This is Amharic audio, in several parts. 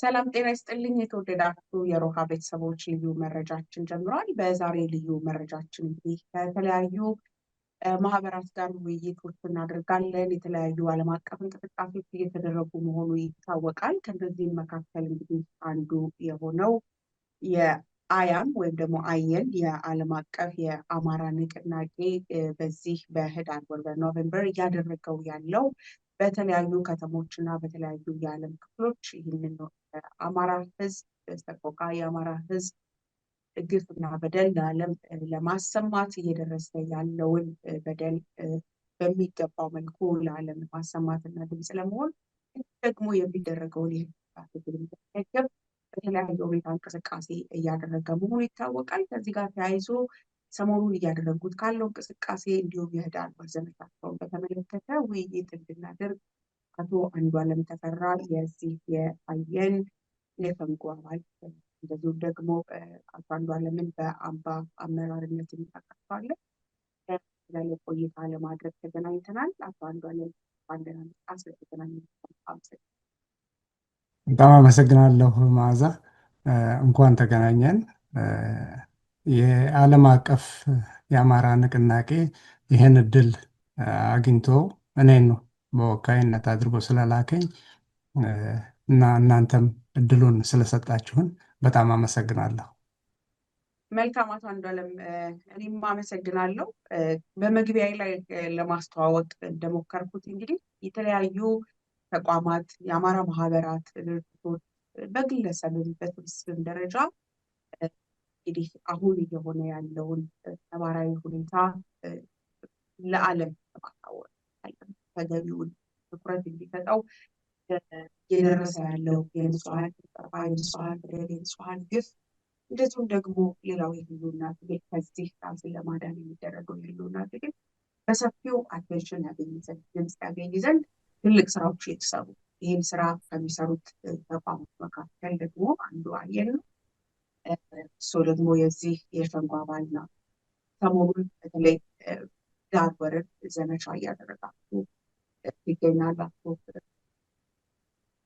ሰላም ጤና ይስጥልኝ የተወደዳችሁ የሮሃ ቤተሰቦች፣ ልዩ መረጃችን ጀምሯል። በዛሬ ልዩ መረጃችን እንግዲህ ከተለያዩ ማህበራት ጋር ውይይቶች እናደርጋለን። የተለያዩ ዓለም አቀፍ እንቅስቃሴዎች እየተደረጉ መሆኑ ይታወቃል። ከነዚህም መካከል እንግዲህ አንዱ የሆነው የአያም ወይም ደግሞ አየን የዓለም አቀፍ የአማራ ንቅናቄ በዚህ በህዳር ወር በኖቬምበር እያደረገው ያለው በተለያዩ ከተሞች እና በተለያዩ የዓለም ክፍሎች ይህንን አማራ ህዝብ ሰቆቃ የአማራ ህዝብ ግፍ እና በደል ለዓለም ለማሰማት እየደረሰ ያለውን በደል በሚገባው መልኩ ለዓለም ማሰማት እና ድምፅ ለመሆን ደግሞ የሚደረገውን የህግ ትግል በተለያየ ሁኔታ እንቅስቃሴ እያደረገ መሆኑ ይታወቃል። ከዚህ ጋር ተያይዞ ሰሞኑን እያደረጉት ካለው እንቅስቃሴ እንዲሁም የህዳር ወር ዘመቻቸውን በተመለከተ ውይይት እንድናደርግ አቶ አንዱዓለም ተፈራ የዚህ የአየን የሸንጎ አባል እንደዚሁም ደግሞ አቶ አንዱዓለምን በአምባ አመራርነት እንጠቀሷለን የተለያየ ቆይታ ለማድረግ ተገናኝተናል። አቶ አንዱዓለም ባለናመጣ ስለተገናኘ በጣም አመሰግናለሁ። መዓዛ እንኳን ተገናኘን። የዓለም አቀፍ የአማራ ንቅናቄ ይህን እድል አግኝቶ እኔን ነው በወካይነት አድርጎ ስለላከኝ እና እናንተም እድሉን ስለሰጣችሁን በጣም አመሰግናለሁ። መልካም አቶ አንዷለም፣ እኔም አመሰግናለሁ። በመግቢያ ላይ ለማስተዋወቅ እንደሞከርኩት እንግዲህ የተለያዩ ተቋማት፣ የአማራ ማህበራት፣ ድርጅቶች በግለሰብም በስብስብም ደረጃ እንግዲህ አሁን እየሆነ ያለውን ነባራዊ ሁኔታ ለዓለም ለማሳወቅ ተገቢውን ትኩረት እንዲሰጠው እየደረሰ ያለው የንጹሐን ጠባ የንጹሐን በደል የንጹሐን ግፍ እንደዚሁም ደግሞ ሌላው የህልውና ትግል ከዚህ ራስን ለማዳን የሚደረገው የህልውና ትግል በሰፊው አቴንሽን ያገኝ ዘንድ ድምፅ ያገኝ ዘንድ ትልቅ ስራዎች የተሰሩ ይህን ስራ ከሚሰሩት ተቋሞች መካከል ደግሞ አንዱ አየር ነው። እሱ ደግሞ የዚህ የሸንጎ አባል ነው። ሰሞኑን በተለይ ዳር ወረድ ዘመቻ እያደረጋችሁ ይገኛላችሁ።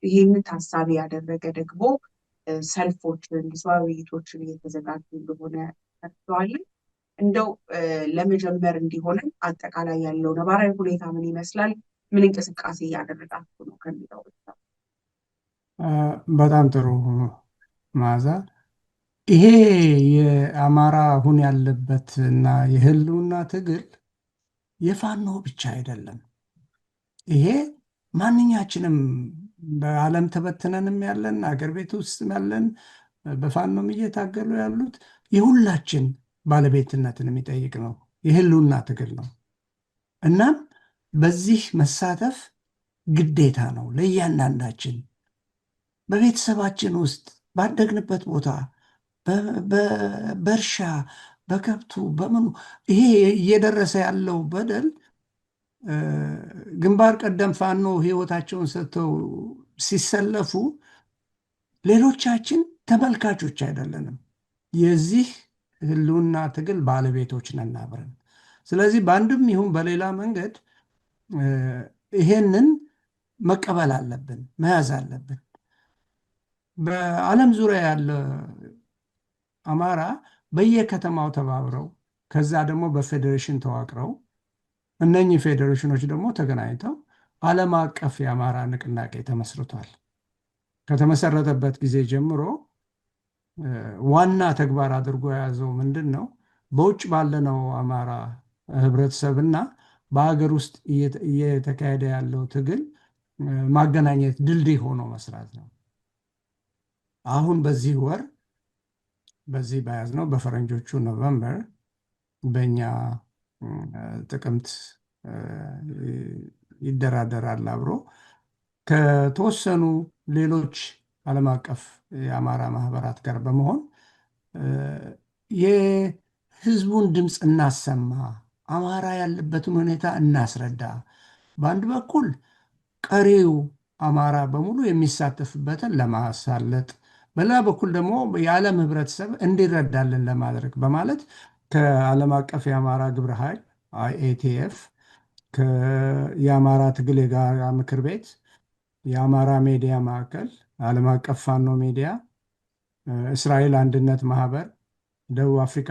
ይህንን ታሳቢ ያደረገ ደግሞ ሰልፎችን፣ ህዝባዊ ውይይቶችን እየተዘጋጁ እንደሆነ ተርተዋለን። እንደው ለመጀመር እንዲሆንም አጠቃላይ ያለው ነባራዊ ሁኔታ ምን ይመስላል? ምን እንቅስቃሴ እያደረጋችሁ ነው ከሚለው በጣም ጥሩ ማዛ ይሄ የአማራ አሁን ያለበት እና የህልውና ትግል የፋኖ ብቻ አይደለም። ይሄ ማንኛችንም በዓለም ተበትነንም ያለን አገር ቤት ውስጥ ያለን በፋኖም እየታገሉ ያሉት የሁላችን ባለቤትነትን የሚጠይቅ ነው። የህልውና ትግል ነው። እናም በዚህ መሳተፍ ግዴታ ነው ለእያንዳንዳችን በቤተሰባችን ውስጥ ባደግንበት ቦታ በእርሻ በከብቱ በምኑ ይሄ እየደረሰ ያለው በደል ግንባር ቀደም ፋኖ ህይወታቸውን ሰጥተው ሲሰለፉ ሌሎቻችን ተመልካቾች አይደለንም። የዚህ ህልውና ትግል ባለቤቶች ነን አብረን። ስለዚህ በአንድም ይሁን በሌላ መንገድ ይሄንን መቀበል አለብን፣ መያዝ አለብን። በዓለም ዙሪያ ያለ አማራ በየከተማው ተባብረው ከዛ ደግሞ በፌዴሬሽን ተዋቅረው እነኚህ ፌዴሬሽኖች ደግሞ ተገናኝተው ዓለም አቀፍ የአማራ ንቅናቄ ተመስርቷል። ከተመሰረተበት ጊዜ ጀምሮ ዋና ተግባር አድርጎ የያዘው ምንድን ነው? በውጭ ባለነው አማራ ህብረተሰብና በሀገር ውስጥ እየተካሄደ ያለው ትግል ማገናኘት ድልድይ ሆኖ መስራት ነው። አሁን በዚህ ወር በዚህ በያዝ ነው በፈረንጆቹ ኖቨምበር በእኛ ጥቅምት ይደራደራል አብሮ ከተወሰኑ ሌሎች ዓለም አቀፍ የአማራ ማህበራት ጋር በመሆን የህዝቡን ድምፅ እናሰማ፣ አማራ ያለበትን ሁኔታ እናስረዳ። በአንድ በኩል ቀሪው አማራ በሙሉ የሚሳተፍበትን ለማሳለጥ በሌላ በኩል ደግሞ የዓለም ህብረተሰብ እንዲረዳልን ለማድረግ በማለት ከዓለም አቀፍ የአማራ ግብረ ኃይል አይኤቲኤፍ የአማራ ትግል የጋራ ምክር ቤት የአማራ ሚዲያ ማዕከል ዓለም አቀፍ ፋኖ ሚዲያ እስራኤል አንድነት ማህበር ደቡብ አፍሪካ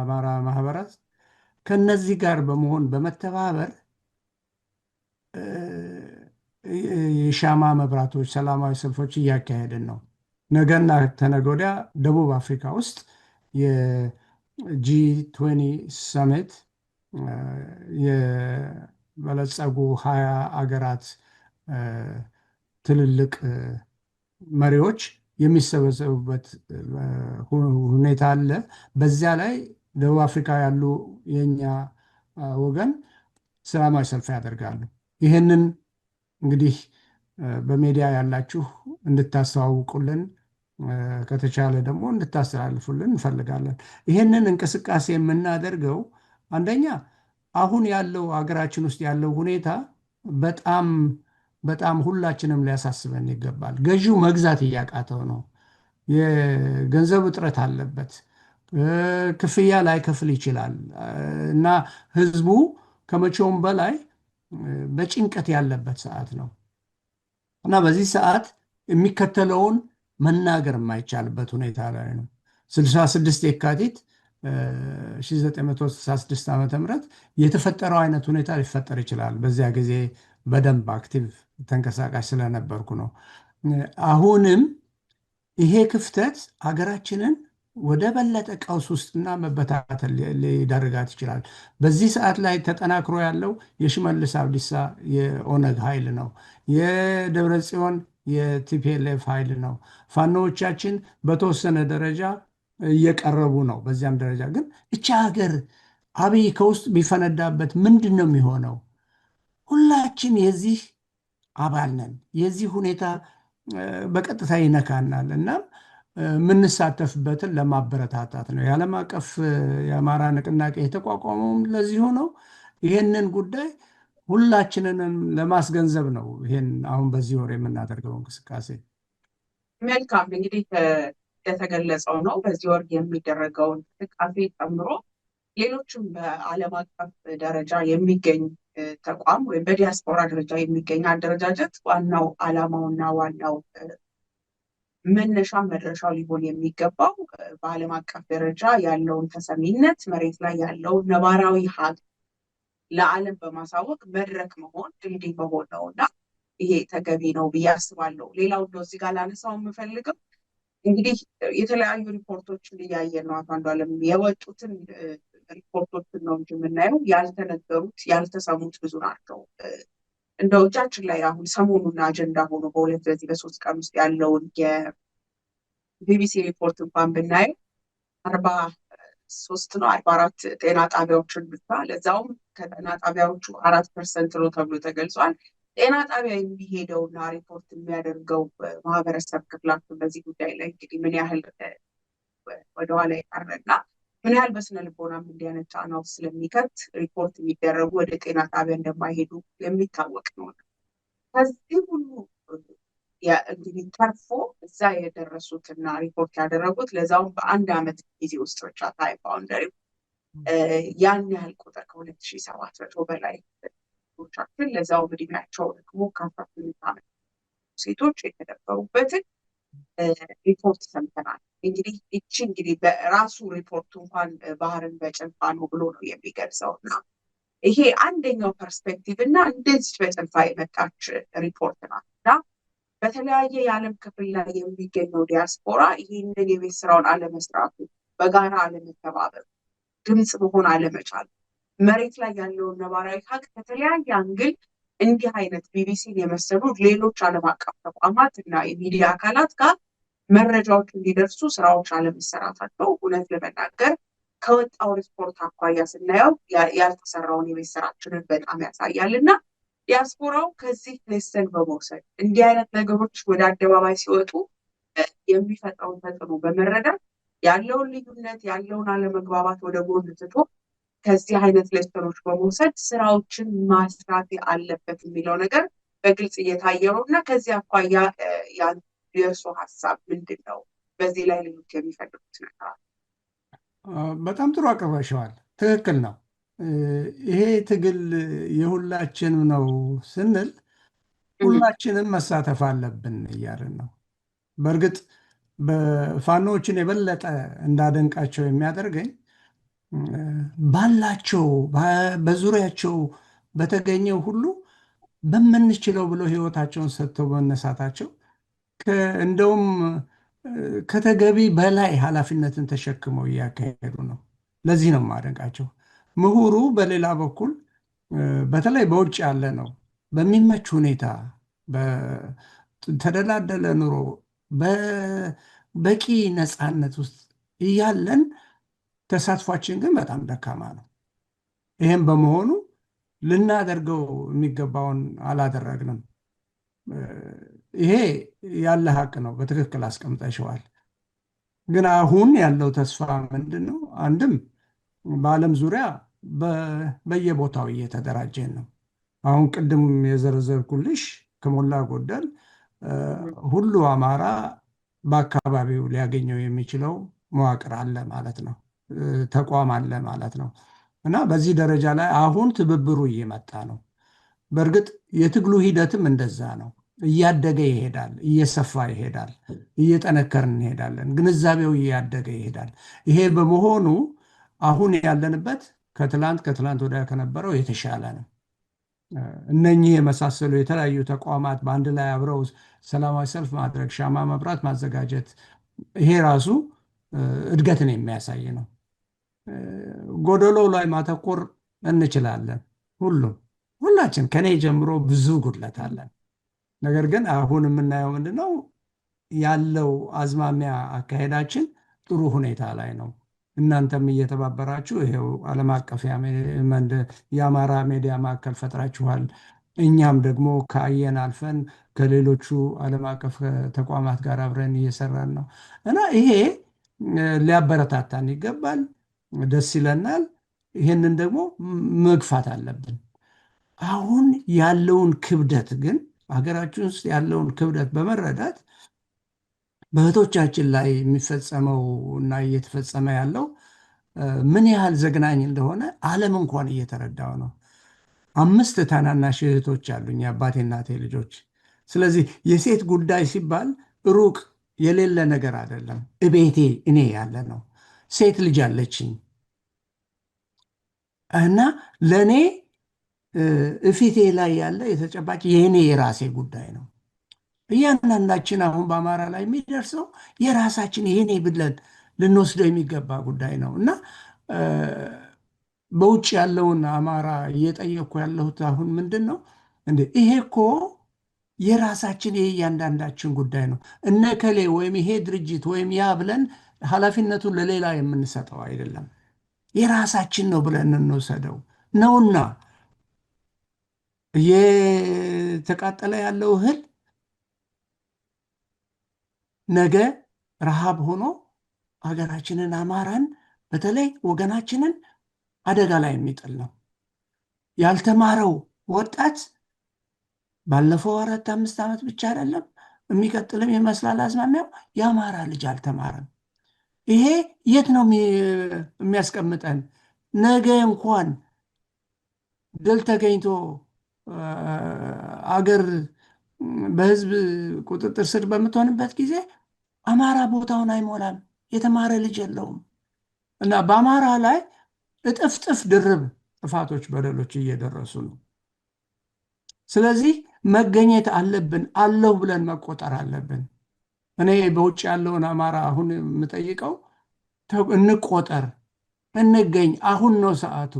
አማራ ማህበራት ከነዚህ ጋር በመሆን በመተባበር የሻማ መብራቶች ሰላማዊ ሰልፎች እያካሄድን ነው ነገና ተነጎዳ ደቡብ አፍሪካ ውስጥ የጂ ትዌንቲ ሰሜት የበለጸጉ ሀያ አገራት ትልልቅ መሪዎች የሚሰበሰቡበት ሁኔታ አለ። በዚያ ላይ ደቡብ አፍሪካ ያሉ የኛ ወገን ሰላማዊ ሰልፍ ያደርጋሉ። ይህንን እንግዲህ በሜዲያ ያላችሁ እንድታስተዋውቁልን ከተቻለ ደግሞ እንድታስተላልፉልን እንፈልጋለን። ይህንን እንቅስቃሴ የምናደርገው አንደኛ አሁን ያለው ሀገራችን ውስጥ ያለው ሁኔታ በጣም በጣም ሁላችንም ሊያሳስበን ይገባል። ገዢው መግዛት እያቃተው ነው። የገንዘብ እጥረት አለበት። ክፍያ ላይከፍል ይችላል እና ህዝቡ ከመቼውም በላይ በጭንቀት ያለበት ሰዓት ነው እና በዚህ ሰዓት የሚከተለውን መናገር የማይቻልበት ሁኔታ ላይ ነው። 66 የካቲት 1966 ዓ ም የተፈጠረው አይነት ሁኔታ ሊፈጠር ይችላል። በዚያ ጊዜ በደንብ አክቲቭ ተንቀሳቃሽ ስለነበርኩ ነው። አሁንም ይሄ ክፍተት ሀገራችንን ወደ በለጠ ቀውስ ውስጥና መበታተል ሊደርጋት ይችላል። በዚህ ሰዓት ላይ ተጠናክሮ ያለው የሽመልስ አብዲሳ የኦነግ ኃይል ነው። የደብረ ጽዮን የቲፒኤልኤፍ ኃይል ነው። ፋኖዎቻችን በተወሰነ ደረጃ እየቀረቡ ነው። በዚያም ደረጃ ግን እቺ ሀገር አብይ ከውስጥ ቢፈነዳበት ምንድን ነው የሚሆነው? ሁላችን የዚህ አባል ነን። የዚህ ሁኔታ በቀጥታ ይነካናል እና የምንሳተፍበትን ለማበረታታት ነው። የዓለም አቀፍ የአማራ ንቅናቄ የተቋቋመውም ለዚሁ ነው። ይህንን ጉዳይ ሁላችንንም ለማስገንዘብ ነው ይሄን አሁን በዚህ ወር የምናደርገው እንቅስቃሴ። መልካም እንግዲህ እንደተገለጸው ነው በዚህ ወር የሚደረገው እንቅስቃሴ ጨምሮ ሌሎችም በዓለም አቀፍ ደረጃ የሚገኝ ተቋም ወይም በዲያስፖራ ደረጃ የሚገኝ አደረጃጀት ዋናው እና ዋናው መነሻ መድረሻው ሊሆን የሚገባው በዓለም አቀፍ ደረጃ ያለውን ተሰሚነት መሬት ላይ ያለውን ነባራዊ ሀቅ ለዓለም በማሳወቅ መድረክ መሆን ድልድይ መሆን ነው እና ይሄ ተገቢ ነው ብዬ አስባለሁ። ሌላው እንደው እዚህ ጋር ላነሳው የምፈልግም እንግዲህ የተለያዩ ሪፖርቶችን እያየን ነው። አቶ አንዷለም የወጡትን ሪፖርቶችን ነው እንጂ የምናየው ያልተነገሩት ያልተሰሙት ብዙ ናቸው። እንደው እጃችን ላይ አሁን ሰሞኑን አጀንዳ ሆኖ በሁለት በዚህ በሶስት ቀን ውስጥ ያለውን የቢቢሲ ሪፖርት እንኳን ብናየው አርባ ሶስት ነው አርባ አራት ጤና ጣቢያዎችን ብቻ ለዛውም ከጤና ጣቢያዎቹ አራት ፐርሰንት ነው ተብሎ ተገልጿል። ጤና ጣቢያ የሚሄደውና ሪፖርት የሚያደርገው ማህበረሰብ ክፍላችን በዚህ ጉዳይ ላይ እንግዲህ ምን ያህል ወደኋላ የቀረና ምን ያህል በስነ ልቦናም እንዲህ ዓይነት ጫናው ስለሚከት ሪፖርት የሚደረጉ ወደ ጤና ጣቢያ እንደማይሄዱ የሚታወቅ ነው። ከዚህ ሁሉ እንግዲህ ተርፎ እዛ የደረሱትና ሪፖርት ያደረጉት ለዛውም በአንድ ዓመት ጊዜ ውስጥ ብቻ ታይም ያን ያህል ቁጥር ከሁለት ሺ ሰባት መቶ በላይ ቻችን ለዛው እድሜያቸው ደግሞ ከአስራ ስምንት ሴቶች የተደፈሩበትን ሪፖርት ሰምተናል። እንግዲህ እቺ እንግዲህ በራሱ ሪፖርቱ እንኳን ባህርን በጭልፋ ነው ብሎ ነው የሚገልጸው እና ይሄ አንደኛው ፐርስፔክቲቭ እና እንደዚህ በጭልፋ የመጣች ሪፖርት ናት። በተለያየ የዓለም ክፍል ላይ የሚገኘው ዲያስፖራ ይህንን የቤት ስራውን አለመስራቱ፣ በጋራ አለመተባበር፣ ድምፅ መሆን አለመቻሉ፣ መሬት ላይ ያለውን ነባራዊ ሀቅ ከተለያየ አንግል እንዲህ አይነት ቢቢሲን የመሰሉ ሌሎች ዓለም አቀፍ ተቋማት እና የሚዲያ አካላት ጋር መረጃዎች እንዲደርሱ ስራዎች አለመሰራታቸው እውነት ለመናገር ከወጣው ሪፖርት አኳያ ስናየው ያልተሰራውን የቤት ስራችንን በጣም ያሳያል እና ዲያስፖራው ከዚህ ሌሰን በመውሰድ እንዲህ አይነት ነገሮች ወደ አደባባይ ሲወጡ የሚፈጥረውን ተጽዕኖ በመረዳት ያለውን ልዩነት ያለውን አለመግባባት ወደ ጎን ትቶ ከዚህ አይነት ሌሰኖች በመውሰድ ስራዎችን ማስራት አለበት የሚለው ነገር በግልጽ እየታየ ነው እና ከዚህ አኳያ የእርሶ ሀሳብ ምንድን ነው? በዚህ ላይ ልዩት የሚፈልጉት ነገር በጣም ጥሩ አቅርበሸዋል። ትክክል ነው። ይሄ ትግል የሁላችንም ነው ስንል ሁላችንም መሳተፍ አለብን እያልን ነው። በእርግጥ በፋኖዎችን የበለጠ እንዳደንቃቸው የሚያደርገኝ ባላቸው በዙሪያቸው በተገኘው ሁሉ በምንችለው ብለው ህይወታቸውን ሰጥተው በመነሳታቸው እንደውም ከተገቢ በላይ ኃላፊነትን ተሸክመው እያካሄዱ ነው። ለዚህ ነው የማደንቃቸው። ምሁሩ በሌላ በኩል በተለይ በውጭ ያለ ነው በሚመች ሁኔታ ተደላደለ ኑሮ በቂ ነፃነት ውስጥ እያለን ተሳትፏችን ግን በጣም ደካማ ነው። ይህም በመሆኑ ልናደርገው የሚገባውን አላደረግንም። ይሄ ያለ ሀቅ ነው፣ በትክክል አስቀምጠሸዋል። ግን አሁን ያለው ተስፋ ምንድን ነው? አንድም በዓለም ዙሪያ በየቦታው እየተደራጀን ነው። አሁን ቅድም የዘረዘርኩልሽ ከሞላ ጎደል ሁሉ አማራ በአካባቢው ሊያገኘው የሚችለው መዋቅር አለ ማለት ነው፣ ተቋም አለ ማለት ነው። እና በዚህ ደረጃ ላይ አሁን ትብብሩ እየመጣ ነው። በእርግጥ የትግሉ ሂደትም እንደዛ ነው። እያደገ ይሄዳል፣ እየሰፋ ይሄዳል፣ እየጠነከርን እንሄዳለን። ግንዛቤው እያደገ ይሄዳል። ይሄ በመሆኑ አሁን ያለንበት ከትላንት ከትላንት ወዲያ ከነበረው የተሻለ ነው። እነኚህ የመሳሰሉ የተለያዩ ተቋማት በአንድ ላይ አብረው ሰላማዊ ሰልፍ ማድረግ፣ ሻማ መብራት ማዘጋጀት፣ ይሄ ራሱ እድገትን የሚያሳይ ነው። ጎደሎ ላይ ማተኮር እንችላለን። ሁሉም ሁላችን ከኔ ጀምሮ ብዙ ጉድለት አለን። ነገር ግን አሁን የምናየው ምንድነው ያለው አዝማሚያ አካሄዳችን ጥሩ ሁኔታ ላይ ነው። እናንተም እየተባበራችሁ ይሄው ዓለም አቀፍ የአማራ ሚዲያ ማዕከል ፈጥራችኋል። እኛም ደግሞ ከአየን አልፈን ከሌሎቹ ዓለም አቀፍ ተቋማት ጋር አብረን እየሰራን ነው እና ይሄ ሊያበረታታን ይገባል። ደስ ይለናል። ይህንን ደግሞ መግፋት አለብን። አሁን ያለውን ክብደት ግን ሀገራችን ውስጥ ያለውን ክብደት በመረዳት በእህቶቻችን ላይ የሚፈጸመው እና እየተፈጸመ ያለው ምን ያህል ዘግናኝ እንደሆነ ዓለም እንኳን እየተረዳው ነው። አምስት ታናናሽ እህቶች አሉኝ፣ አባቴ እናቴ ልጆች። ስለዚህ የሴት ጉዳይ ሲባል ሩቅ የሌለ ነገር አይደለም፣ እቤቴ እኔ ያለ ነው። ሴት ልጅ አለችኝ እና ለእኔ እፊቴ ላይ ያለ የተጨባጭ የእኔ የራሴ ጉዳይ ነው። እያንዳንዳችን አሁን በአማራ ላይ የሚደርሰው የራሳችን ይሄኔ ብለን ልንወስደው የሚገባ ጉዳይ ነው እና በውጭ ያለውን አማራ እየጠየቅኩ ያለሁት አሁን ምንድን ነው እን ይሄ እኮ የራሳችን የእያንዳንዳችን ጉዳይ ነው። እነ ከሌ ወይም ይሄ ድርጅት ወይም ያ ብለን ኃላፊነቱን ለሌላ የምንሰጠው አይደለም። የራሳችን ነው ብለን እንወሰደው ነውና እየተቃጠለ ያለው እህል ነገ ረሃብ ሆኖ ሀገራችንን አማራን በተለይ ወገናችንን አደጋ ላይ የሚጥል ነው። ያልተማረው ወጣት ባለፈው አራት አምስት ዓመት ብቻ አይደለም የሚቀጥልም ይመስላል አዝማሚያው የአማራ ልጅ አልተማረም። ይሄ የት ነው የሚያስቀምጠን? ነገ እንኳን ድል ተገኝቶ አገር በህዝብ ቁጥጥር ስር በምትሆንበት ጊዜ አማራ ቦታውን አይሞላም፣ የተማረ ልጅ የለውም እና በአማራ ላይ እጥፍጥፍ ድርብ ጥፋቶች፣ በደሎች እየደረሱ ነው። ስለዚህ መገኘት አለብን፣ አለሁ ብለን መቆጠር አለብን። እኔ በውጭ ያለውን አማራ አሁን የምጠይቀው እንቆጠር፣ እንገኝ፣ አሁን ነው ሰዓቱ።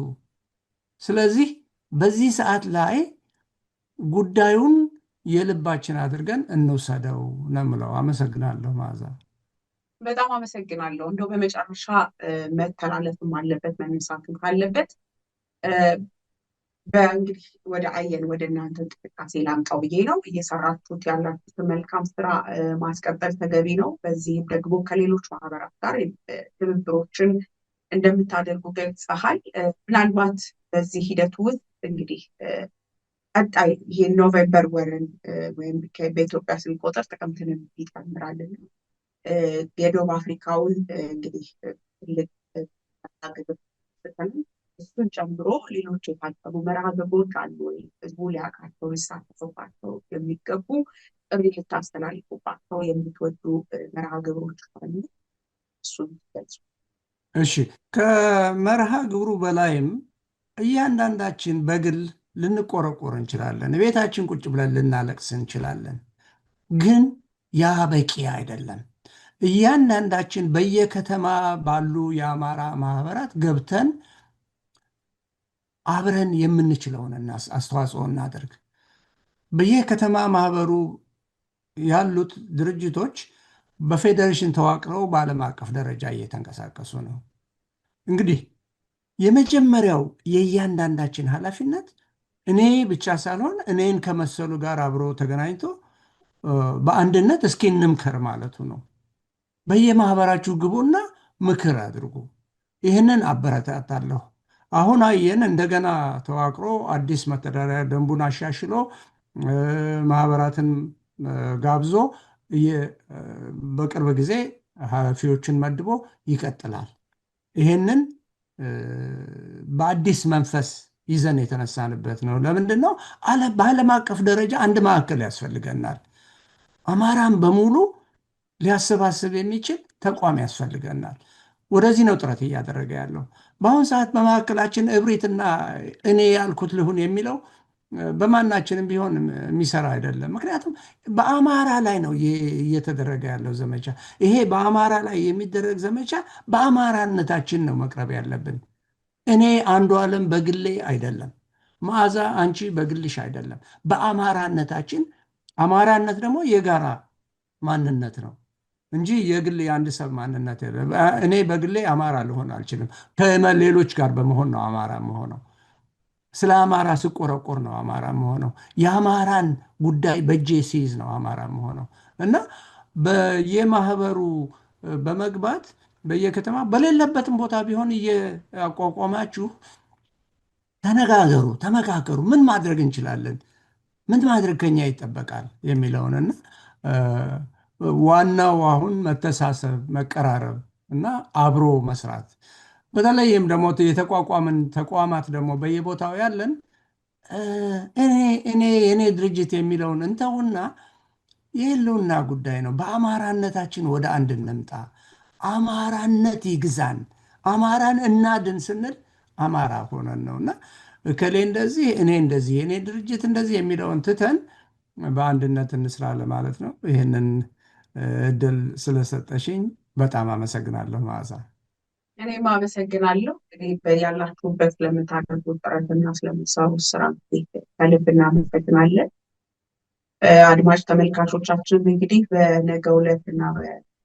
ስለዚህ በዚህ ሰዓት ላይ ጉዳዩን የልባችን አድርገን እንውሰደው ነው ምለው። አመሰግናለሁ ማዛ። በጣም አመሰግናለሁ። እንደው በመጨረሻ መተላለፍም አለበት መነሳትም ካለበት በእንግዲህ ወደ አየን ወደ እናንተ እንቅስቃሴ ላምጣው ብዬ ነው። እየሰራችሁት ያላችሁት መልካም ስራ ማስቀጠል ተገቢ ነው። በዚህም ደግሞ ከሌሎች ማህበራት ጋር ትብብሮችን እንደምታደርጉ ገልጸሃል። ምናልባት በዚህ ሂደት ውስጥ እንግዲህ ቀጣይ ይሄ ኖቬምበር ወርን ወይም በኢትዮጵያ ስንቆጥር ጥቅምትንም ይጨምራልን የደቡብ አፍሪካውን እንግዲህ ትልቅ እሱን ጨምሮ ሌሎች የታቀቡ መርሃ ግብሮች አሉ ወይ ህዝቡ ሊያውቃቸው ሊሳተፍባቸው የሚገቡ ጥሪ ልታስተላልፉባቸው የምትወዱ መርሃ ግብሮች ካሉ እሱን ገልጹ። እሺ ከመርሃ ግብሩ በላይም እያንዳንዳችን በግል ልንቆረቆር እንችላለን። ቤታችን ቁጭ ብለን ልናለቅስ እንችላለን። ግን ያ በቂ አይደለም። እያንዳንዳችን በየከተማ ባሉ የአማራ ማህበራት ገብተን አብረን የምንችለውን አስተዋጽኦ እናደርግ። በየከተማ ማህበሩ ያሉት ድርጅቶች በፌዴሬሽን ተዋቅረው በዓለም አቀፍ ደረጃ እየተንቀሳቀሱ ነው። እንግዲህ የመጀመሪያው የእያንዳንዳችን ኃላፊነት እኔ ብቻ ሳልሆን እኔን ከመሰሉ ጋር አብሮ ተገናኝቶ በአንድነት እስኪ እንምከር ማለቱ ነው። በየማህበራችሁ ግቡና ምክር አድርጉ። ይህንን አበረታታለሁ። አሁን አየን እንደገና ተዋቅሮ አዲስ መተዳደሪያ ደንቡን አሻሽሎ ማህበራትን ጋብዞ በቅርብ ጊዜ ኃላፊዎችን መድቦ ይቀጥላል። ይህንን በአዲስ መንፈስ ይዘን የተነሳንበት ነው። ለምንድን ነው? በዓለም አቀፍ ደረጃ አንድ ማዕከል ያስፈልገናል። አማራን በሙሉ ሊያሰባስብ የሚችል ተቋም ያስፈልገናል። ወደዚህ ነው ጥረት እያደረገ ያለው። በአሁኑ ሰዓት በመካከላችን እብሪትና እኔ ያልኩት ልሁን የሚለው በማናችንም ቢሆን የሚሰራ አይደለም። ምክንያቱም በአማራ ላይ ነው እየተደረገ ያለው ዘመቻ። ይሄ በአማራ ላይ የሚደረግ ዘመቻ በአማራነታችን ነው መቅረብ ያለብን። እኔ አንዱ ዓለም በግሌ አይደለም፣ መዓዛ አንቺ በግልሽ አይደለም። በአማራነታችን አማራነት ደግሞ የጋራ ማንነት ነው እንጂ የግል የአንድ ሰብ ማንነት እኔ በግሌ አማራ ልሆን አልችልም። ከሌሎች ጋር በመሆን ነው አማራ መሆነው። ስለ አማራ ስቆረቆር ነው አማራ መሆነው። የአማራን ጉዳይ በእጄ ሲይዝ ነው አማራ መሆነው እና በየማህበሩ በመግባት በየከተማ በሌለበትም ቦታ ቢሆን እየቋቋማችሁ ተነጋገሩ፣ ተመካከሩ። ምን ማድረግ እንችላለን፣ ምን ማድረግ ከኛ ይጠበቃል የሚለውን እና ዋናው አሁን መተሳሰብ፣ መቀራረብ እና አብሮ መስራት በተለይም ደግሞ የተቋቋምን ተቋማት ደግሞ በየቦታው ያለን እኔ የኔ ድርጅት የሚለውን እንተውና የህልውና ጉዳይ ነው። በአማራነታችን ወደ አንድ እንምጣ። አማራነት ይግዛን፣ አማራን እናድን ስንል አማራ ሆነን ነውና እከሌ እንደዚህ እኔ እንደዚህ የእኔ ድርጅት እንደዚህ የሚለውን ትተን በአንድነት እንስራ ለማለት ነው። ይህንን እድል ስለሰጠሽኝ በጣም አመሰግናለሁ መዓዛ። እኔም አመሰግናለሁ እንግዲህ ያላችሁበት ለምታደርጉ ጥረትና ስለምትሰሩት ስራ ከልብ እናመሰግናለን። አድማጭ ተመልካቾቻችን እንግዲህ በነገ ዕለት እና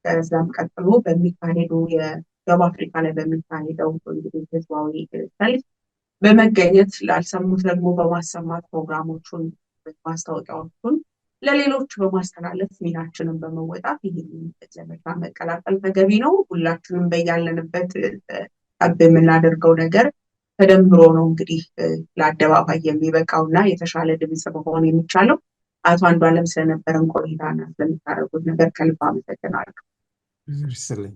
ከዛም ቀጥሎ በሚካሄዱ የደቡብ አፍሪካ ላይ በሚካሄደው እንግዲህ ህዝባዊ ሰልፍ በመገኘት ላልሰሙት ደግሞ በማሰማት ፕሮግራሞቹን፣ ማስታወቂያዎቹን ለሌሎች በማስተላለፍ ሚናችንን በመወጣት ይህንን ዘመቻ መቀላቀል ተገቢ ነው። ሁላችንም በያለንበት ጠብ የምናደርገው ነገር ተደምሮ ነው እንግዲህ ለአደባባይ የሚበቃው እና የተሻለ ድምፅ መሆን የሚቻለው። አቶ አንዱ አለም ስለነበረን ቆይታና ስለምታደርጉት ነገር ከልብ አመሰግናለሁ። ይስልኝ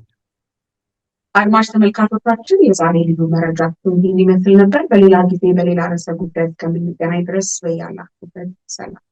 አድማጭ ተመልካቾቻችን የዛሬ ልዩ መረጃችን ይህን ይመስል ነበር። በሌላ ጊዜ በሌላ ርዕሰ ጉዳይ እስከምንገናኝ ድረስ በያላችሁበት ሰላም